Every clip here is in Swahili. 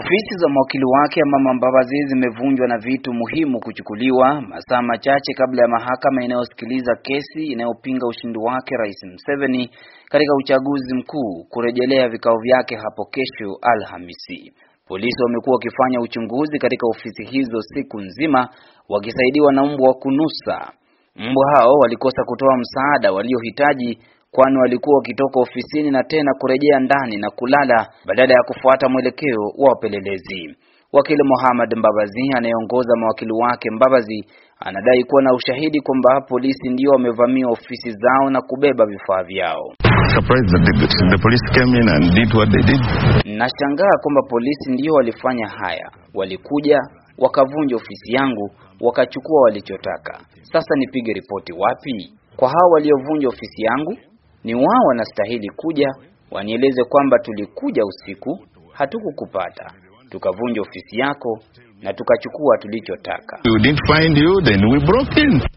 Ofisi za mawakili wake Amama Mbabazi zimevunjwa na vitu muhimu kuchukuliwa masaa machache kabla ya mahakama inayosikiliza kesi inayopinga ushindi wake Rais Museveni katika uchaguzi mkuu kurejelea vikao vyake hapo kesho Alhamisi. Polisi wamekuwa wakifanya uchunguzi katika ofisi hizo siku nzima wakisaidiwa na mbwa wa kunusa. Mbwa hao walikosa kutoa msaada waliohitaji kwani walikuwa wakitoka ofisini na tena kurejea ndani na kulala badala ya kufuata mwelekeo wa wapelelezi. Wakili Mohamed Mbabazi anayeongoza mawakili wake Mbabazi anadai kuwa na ushahidi kwamba polisi ndio wamevamia ofisi zao na kubeba vifaa vyao. Nashangaa kwamba polisi ndio walifanya haya, walikuja wakavunja ofisi yangu wakachukua walichotaka. Sasa nipige ripoti wapi kwa hao waliovunja ofisi yangu? Ni wao wanastahili kuja wanieleze kwamba tulikuja usiku, hatukukupata, tukavunja ofisi yako na tukachukua tulichotaka.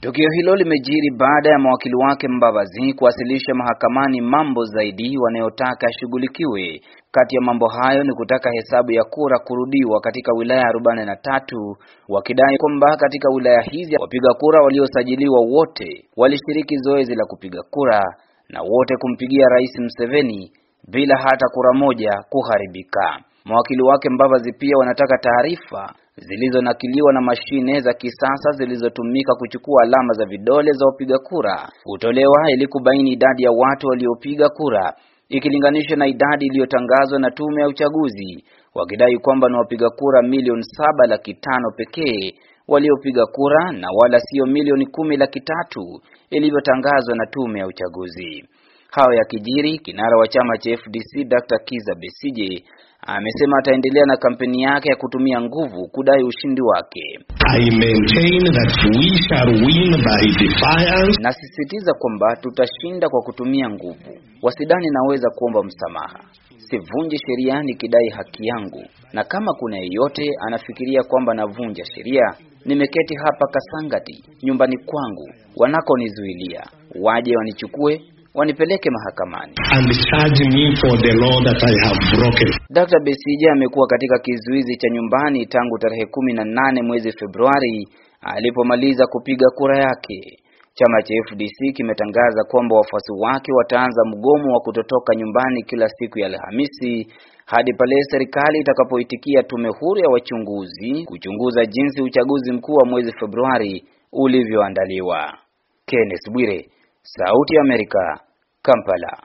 Tukio hilo limejiri baada ya mawakili wake Mbabazi kuwasilisha mahakamani mambo zaidi wanayotaka yashughulikiwe. Kati ya mambo hayo ni kutaka hesabu ya kura kurudiwa katika wilaya 43 wakidai kwamba katika wilaya hizi wapiga kura waliosajiliwa wote walishiriki zoezi la kupiga kura na wote kumpigia Rais mseveni bila hata kura moja kuharibika. Mawakili wake Mbavazi pia wanataka taarifa zilizonakiliwa na mashine za kisasa zilizotumika kuchukua alama za vidole za wapiga kura kutolewa ili kubaini idadi ya watu waliopiga kura ikilinganishwa na idadi iliyotangazwa na tume ya uchaguzi, wakidai kwamba ni wapiga kura milioni saba laki tano pekee waliopiga kura na wala siyo milioni kumi laki tatu ilivyotangazwa na tume ya uchaguzi. Hayo ya kijiri, kinara wa chama cha FDC Dr. Kiza Besije amesema ataendelea na kampeni yake ya kutumia nguvu kudai ushindi wake. I maintain that we shall win by defiance. Nasisitiza kwamba tutashinda kwa kutumia nguvu. Wasidani naweza kuomba msamaha. Sivunje sheria nikidai haki yangu, na kama kuna yeyote anafikiria kwamba navunja sheria Nimeketi hapa Kasangati, nyumbani kwangu, wanakonizuilia. Waje wanichukue wanipeleke mahakamani. Dr. Besija amekuwa katika kizuizi cha nyumbani tangu tarehe 18 mwezi Februari alipomaliza kupiga kura yake. Chama cha FDC kimetangaza kwamba wafuasi wake wataanza mgomo wa kutotoka nyumbani kila siku ya Alhamisi hadi pale serikali itakapoitikia tume huru ya wachunguzi kuchunguza jinsi uchaguzi mkuu wa mwezi Februari ulivyoandaliwa. Kenneth Bwire, Sauti ya Amerika, Kampala.